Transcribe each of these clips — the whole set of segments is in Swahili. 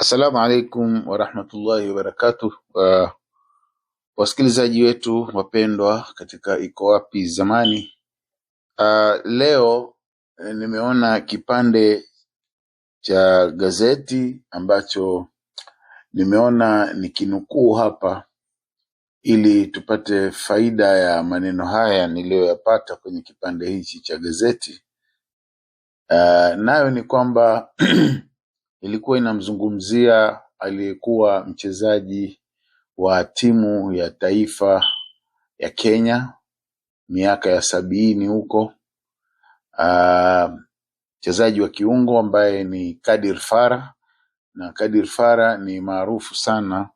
Assalamu alaikum warahmatullahi wabarakatuh. Uh, wasikilizaji wetu wapendwa katika Iko Wapi Zamani. Uh, leo eh, nimeona kipande cha gazeti ambacho nimeona nikinukuu hapa ili tupate faida ya maneno haya niliyoyapata kwenye kipande hichi cha gazeti. Uh, nayo ni kwamba ilikuwa inamzungumzia aliyekuwa mchezaji wa timu ya taifa ya Kenya miaka ya sabini huko, ah, mchezaji wa kiungo ambaye ni Kadir Fara, na Kadir Fara ni maarufu sana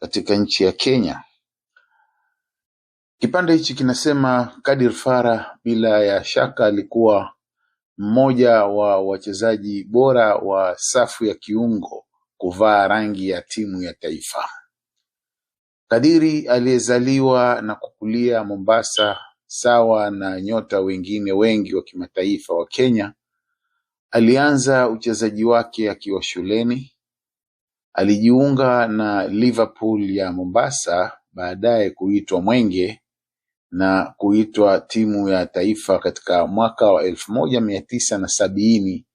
katika nchi ya Kenya. Kipande hichi kinasema Kadir Fara bila ya shaka alikuwa mmoja wa wachezaji bora wa safu ya kiungo kuvaa rangi ya timu ya taifa. Kadiri aliyezaliwa na kukulia Mombasa, sawa na nyota wengine wengi wa kimataifa wa Kenya, alianza uchezaji wake akiwa shuleni. Alijiunga na Liverpool ya Mombasa, baadaye kuitwa Mwenge na kuitwa timu ya taifa katika mwaka wa elfu moja mia tisa na sabini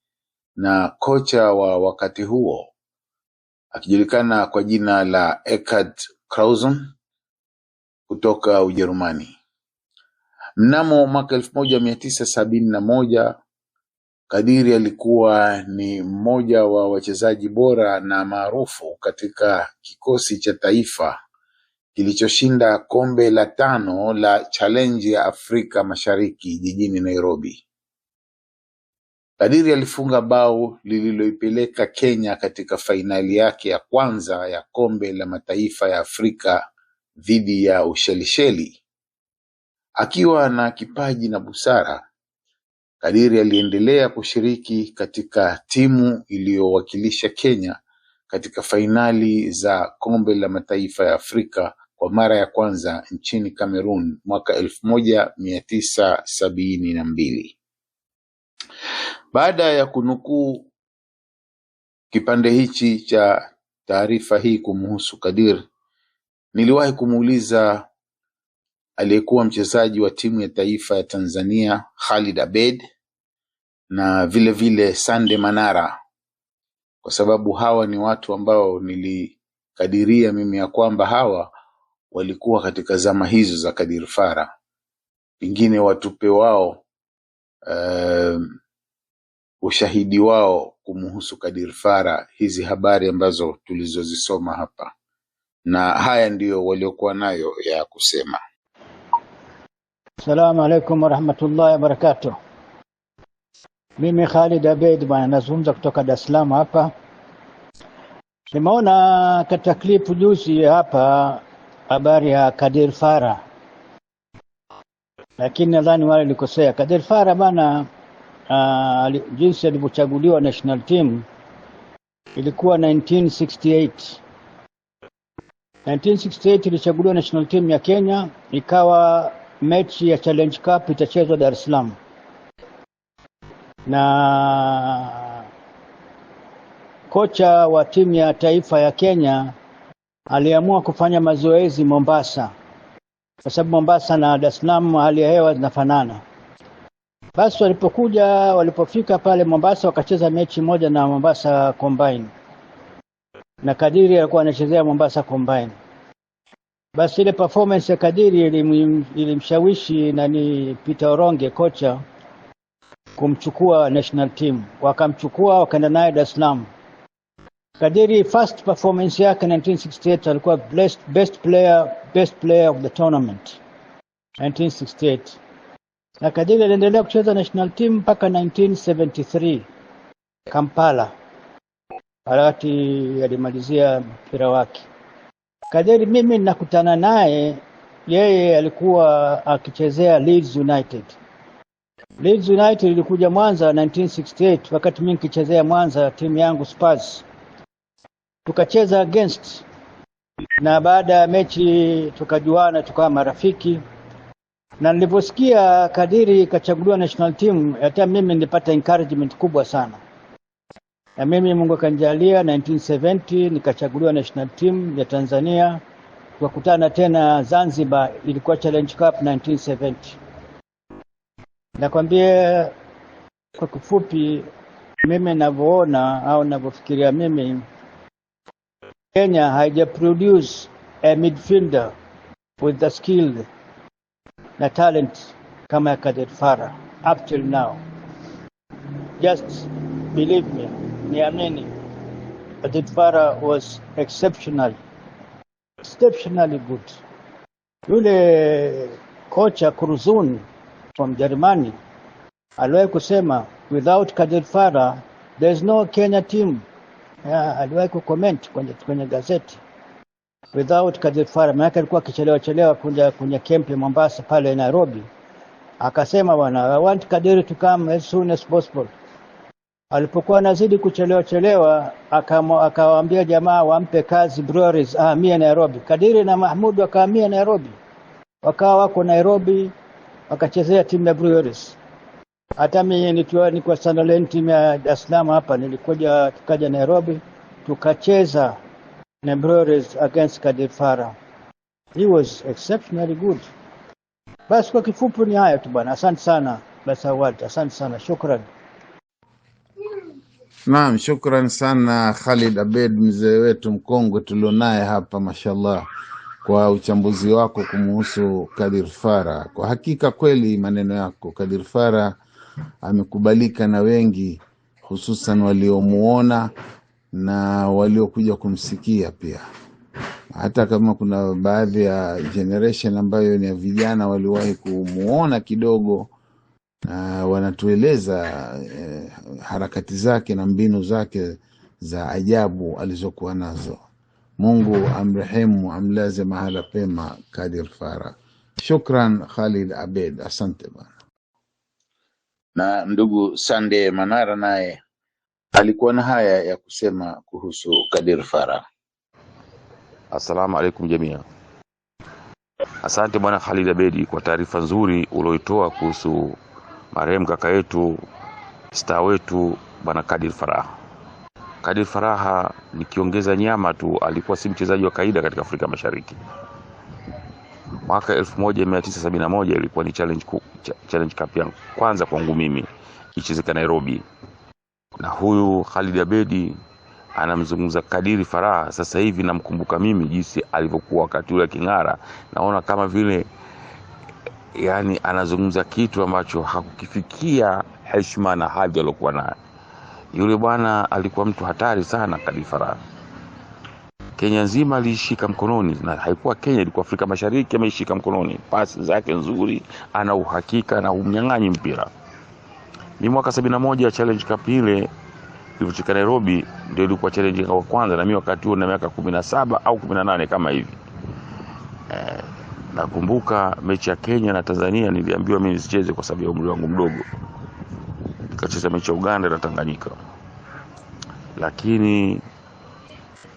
na kocha wa wakati huo akijulikana kwa jina la Eckhard Krausen kutoka Ujerumani. Mnamo mwaka elfu moja mia tisa sabini na moja Kadiri alikuwa ni mmoja wa wachezaji bora na maarufu katika kikosi cha taifa kilichoshinda kombe la tano la Challenge ya Afrika Mashariki jijini Nairobi Kadiri alifunga bao lililoipeleka Kenya katika fainali yake ya kwanza ya kombe la mataifa ya Afrika dhidi ya Ushelisheli. Akiwa na kipaji na busara, Kadiri aliendelea kushiriki katika timu iliyowakilisha Kenya katika fainali za kombe la mataifa ya Afrika kwa mara ya kwanza nchini Kamerun mwaka elfu moja mia tisa sabini na mbili. Baada ya kunukuu kipande hichi cha taarifa hii kumhusu Kadir, niliwahi kumuuliza aliyekuwa mchezaji wa timu ya taifa ya Tanzania Khalid Abed na vile vile Sande Manara, kwa sababu hawa ni watu ambao nilikadiria mimi ya kwamba hawa walikuwa katika zama hizo za Kadir Fara pengine watupe wao uh, ushahidi wao kumhusu Kadir Fara, hizi habari ambazo tulizozisoma hapa, na haya ndiyo waliokuwa nayo ya kusema. Assalamu alaikum warahmatullahi wabarakatuh. Mimi Khalid Abeid bwana, nazungumza kutoka Dar es Salaam hapa. Nimeona katika klipu juzi hapa habari ya Kadir Fara, lakini nadhani wale likosea Kadir Fara bana. Uh, jinsi alivyochaguliwa national team ilikuwa 1968 1968 ilichaguliwa national team ya Kenya, ikawa mechi ya Challenge Cup itachezwa Dar es Salaam na kocha wa timu ya taifa ya Kenya aliamua kufanya mazoezi Mombasa kwa sababu Mombasa na Dar es Salaam hali ya hewa zinafanana. Basi walipokuja walipofika pale Mombasa wakacheza mechi moja na Mombasa Combine, na Kadiri alikuwa anachezea Mombasa Combine. Basi ile performance ya Kadiri ilimshawishi nani Peter Oronge kocha kumchukua national team, wakamchukua wakaenda naye Dar es Salaam Kadiri first performance yake 1968 alikuwa best, best player best player of the tournament 1968, na Kadiri aliendelea kucheza national team mpaka 1973 Kampala, wakati alimalizia mpira wake. Kadiri mimi nakutana naye, yeye alikuwa akichezea Leeds United. Leeds United ilikuja Mwanza 1968, wakati mimi nikichezea Mwanza timu yangu Spurs tukacheza against na baada ya mechi tukajuana, tukawa marafiki, na nilivyosikia Kadiri ikachaguliwa national team, hata mimi nilipata encouragement kubwa sana, na mimi Mungu akanijalia 1970 nikachaguliwa national team ya Tanzania. Tukakutana tena Zanzibar, ilikuwa Challenge Cup 1970. Nakwambia kwa kifupi, mimi ninavyoona au ninavyofikiria mimi Kenya produce a midfielder with the skill na talent kama ya Kadet Farah up till now. Just believe me, niamini, Kadet Farah was exceptional, exceptionally good. Yule kocha Kruzun from Germany aliwahi kusema without Kadet Farah there is no Kenya team yeah, aliwahi kucomment kwenye, kwenye gazeti without Kadhi Fara, maanake alikuwa akichelewa chelewa kwenye, kwenye kempi Mombasa pale Nairobi, akasema bwana, I want Kadiri to come as soon as possible. Alipokuwa anazidi kuchelewa chelewa, akawaambia jamaa wampe kazi breweries ahamie Nairobi. Kadiri na Mahmud wakahamia Nairobi, wakawa wako Nairobi, wakachezea timu ya breweries hata mimi nikiwa ni kwa Sunderland team ya Dar es Salaam hapa nilikuja, tukaja Nairobi tukacheza na Brewers against Kadifara. He was exceptionally good. Basi kwa kifupi ni haya tu bwana, asante sana Basawad, asante sana shukran. Naam, shukran sana Khalid Abed, mzee wetu mkongwe tulionaye hapa, mashallah, kwa uchambuzi wako kumuhusu Kadir Fara. Kwa hakika kweli maneno yako Kadir Fara amekubalika na wengi, hususan waliomuona na waliokuja kumsikia pia hata kama kuna baadhi ya generation ambayo ni ya vijana waliwahi kumuona kidogo, na wanatueleza eh, harakati zake na mbinu zake za ajabu alizokuwa nazo. Mungu amrehemu, amlaze mahala pema Kadir Fara. Shukran Khalid Abed, asante bana na ndugu Sande Manara naye alikuwa na haya ya kusema kuhusu Kadir Fara. Assalamu alaikum jamia. Asante bwana Khalid Abedi kwa taarifa nzuri ulioitoa kuhusu marehemu kaka yetu staa wetu bwana Kadir Faraha. Kadir Faraha, nikiongeza nyama tu, alikuwa si mchezaji wa kaida katika Afrika Mashariki mwaka 1971 ilikuwa ni challenge, ku, challenge cup yangu kwanza kwangu mimi ichezeka Nairobi, na huyu Khalid Abedi anamzungumza Kadiri Faraha. Sasa hivi namkumbuka mimi jinsi alivyokuwa wakati ule king'ara, naona kama vile yani anazungumza kitu ambacho hakukifikia heshima na hadhi aliokuwa nayo yule bwana. Alikuwa mtu hatari sana Kadiri Faraha. Kenya nzima aliishika mkononi, na haikuwa Kenya, ilikuwa Afrika Mashariki ameishika mkononi. Pasi zake nzuri, ana uhakika na umnyang'anyi mpira. Ni mwaka sabini na moja Challenge Cup ile ilivyochika Nairobi, ndio ilikuwa challenge ya kwanza, na mimi wakati huo na miaka kumi na saba au kumi na nane kama hivi eh, nakumbuka mechi ya Kenya na Tanzania niliambiwa mimi nisicheze kwa sababu ya umri wangu mdogo, nikacheza mechi ya Uganda na Tanganyika, lakini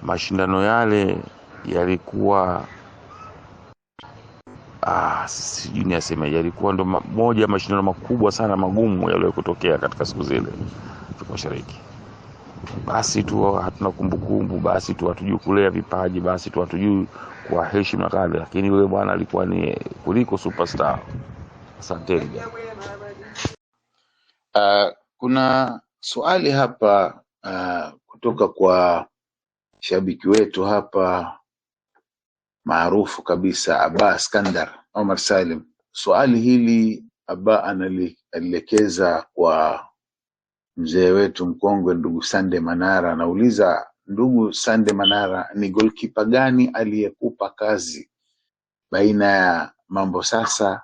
mashindano yale yalikuwa ah, sijui aseme yalikuwa ndo moja ya mashindano makubwa sana magumu yaliyo kutokea katika siku zile shariki Basi tu hatuna kumbukumbu, basi tu hatujui kulea vipaji, basi tu hatujui kwa heshima kadha, lakini yule bwana alikuwa ni kuliko superstar. Asanteni. Uh, ah, kuna swali hapa uh, kutoka kwa shabiki wetu hapa maarufu kabisa Aba Skandar Omar Salim. Swali hili Abba analielekeza kwa mzee wetu mkongwe ndugu Sande Manara. Anauliza, ndugu Sande Manara, ni golkipa gani aliyekupa kazi baina ya Mambo Sasa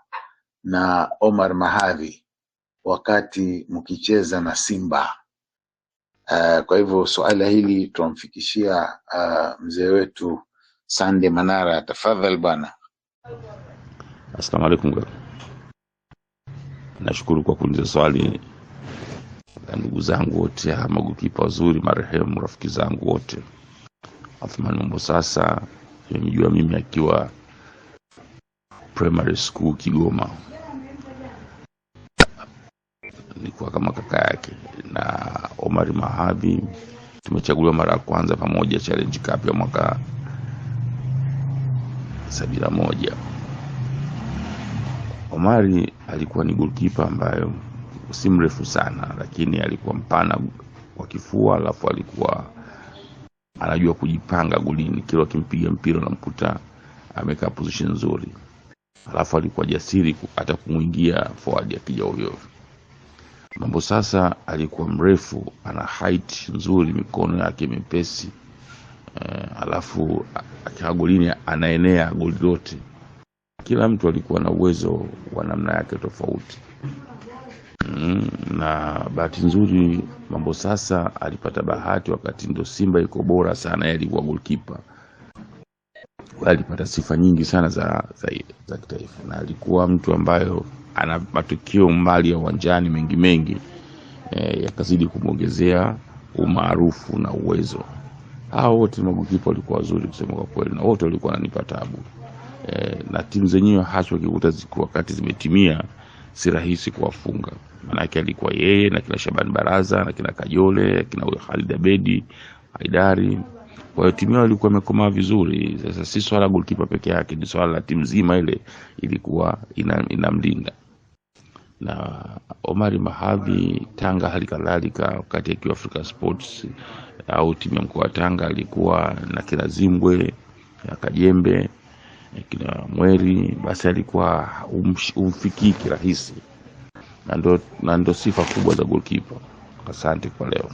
na Omar Mahadhi wakati mkicheza na Simba? Uh, kwa hivyo suala hili tunamfikishia uh, eh, mzee wetu Sande Manara, tafadhali bwana. Asalamu alaikum. Nashukuru kwa kuuliza swali la ndugu zangu wote, ah, magukipa wazuri, marehemu rafiki zangu wote. Athman sasa nimemjua mimi akiwa primary school Kigoma nilikuwa kama kaka yake na Omari Mahabi. Tumechaguliwa mara ya kwanza pamoja Challenge Cup ya mwaka sabini na moja. Omari alikuwa ni goalkeeper ambayo si mrefu sana, lakini alikuwa mpana wa kifua, alafu alikuwa anajua kujipanga golini, kila akimpiga mpira unamkuta amekaa position nzuri, alafu alikuwa jasiri hata kumwingia forward akija ovyo ovyo. Mambo sasa alikuwa mrefu, ana height nzuri, mikono yake mepesi uh, alafu akiwa golini anaenea goli lote. Kila mtu alikuwa na uwezo wa namna yake tofauti mm, na bahati nzuri Mambo sasa alipata bahati wakati ndo Simba iko bora sana, yeye alikuwa golkipa alipata sifa nyingi sana za, za, za kitaifa na alikuwa mtu ambayo ana matukio mbali ya uwanjani mengi mengi e, yakazidi kumwongezea umaarufu na uwezo. Hao wote magokipa walikuwa wazuri kusema kwa kweli, na wote walikuwa wananipa tabu e, na timu zenyewe hasa ukikuta wakati zimetimia si rahisi kuwafunga, maanake alikuwa yeye na kina Shaban Baraza na kina Kajole kina huyo Khalid Abedi Haidari. Kwa hiyo timu yao ilikuwa imekomaa vizuri. Sasa si swala golkipa peke yake, ni swala la timu zima ile ilikuwa inamlinda ina na Omari Mahadhi Tanga, hali kadhalika wakati akiwa Africa Sports au timu ya mkoa wa Tanga alikuwa na kina Zimbwe na Kajembe kina Mweri, basi alikuwa umfikiki kirahisi na ndo sifa kubwa za goalkeeper. Asante kwa leo.